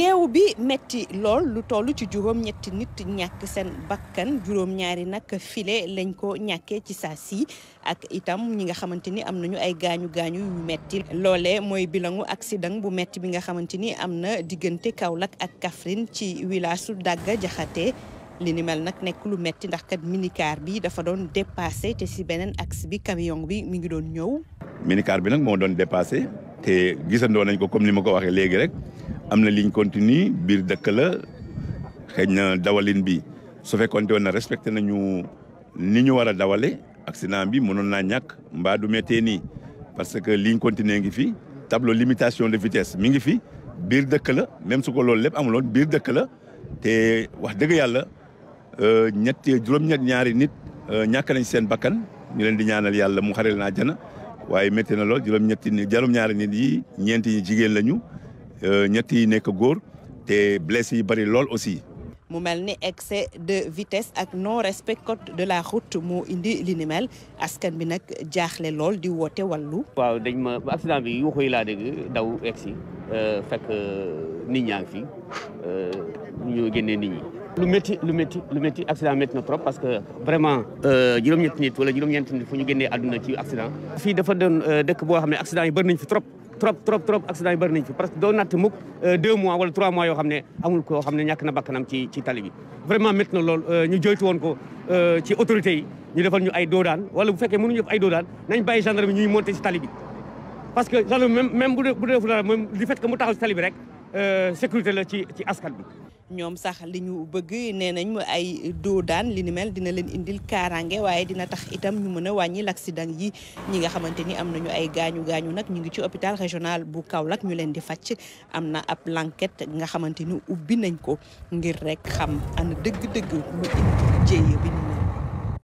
yeewu bi metti lool lu toll ci juróom ñetti nit ñàkk seen bakkan juróom ñaari nag file lañ ko ñàkkee ci saa si ak itam ñi nga xamante ni am nañu ay gaañu gaañu yu metti loole mooy bilangu accident bu metti bi nga xamante ni am na diggante Kaolack ak kafrin ci wilaasu Dagga Jaxate li ni mel nag nekk lu metti ndax kat minicar bi dafa doon dépassé te si beneen axe bi camion bi mi ngi doon ñëw minicar bi nag moo doon dépassé te gisandoo nañ ko comme ni ma ko waxee léegi rek am na ligne continue biir dëkk la xëy na dawalin bi su fekkoon te woon na respecté nañu ni ñu war a dawale accident bi mënoon naa ñàkk mbaa du méttee nii parce que ligne continue ngi fi tableau limitation de vitesse mi ngi fi biir dëkk la même su ko loolu lépp amuloon biir dëkk la te wax dëgg yàlla euh, ñett juróom-ñett ñaari nit euh, ñàkk nañ seen bakkan ñu leen di ñaanal yàlla mu xaril naa jana waaye métti na lool juróom-ñetti juróom-ñaari nit yi ñeenti ñi jigéen lañu Euh, ñett yi nekk góor te blessé yi bëri lool aussi. mu mel ni excès de vitesse ak non respect de la route mu indi li ni askan bi nag jaaxle lool di woote wallu waaw dañ ma accident bi yuuxu yi laa dégg daw egg si euh, fekk euh, nit ñaa ngi fi ñu génnee nit ñi. lu métti lu métti lu métti accident métti na trop parce que vraiment juróom-ñetti nit wala juróom-ñeenti nit fu ñu génnee àdduna ci accident. fii dafa doon dëkk boo xam ne accident yi bëri nañ fi trop. trop trop trop accident yi bëri nañ fi parce que doo natt mukk euh, deux mois wala trois mois yoo xam ne amul koo xam ne ñàkk na bakkanam ci ci tali bi vraiment métti na lool euh, ñu joytu woon ko euh, ci autorités yi ñu defal ñu ay doodaan wala bu fekkee mënuñu def ay doodaan nañ bàyyi gendarme bi ñuy monter ci tali bi parce que gendarme même même bu dee bu dee fu dara moom li fait que mu taxaw ci tali rek sécurité la ci ci askan bi ñoom sax li ñu bëgg nee nañ ay doo daan li ni mel dina leen indil kaaraange waaye dina tax itam ñu mën a wàññi l'accident yi ñi nga xamante ni am nañu ay gaañu gaañu nag ñu ngi ci hôpital régional bu kaw Kaolack ñu leen di fàcc am na ab enquête nga xamante ni ubbi nañ ko ngir rek xam ana dëgg-dëgg lu indi jéye bi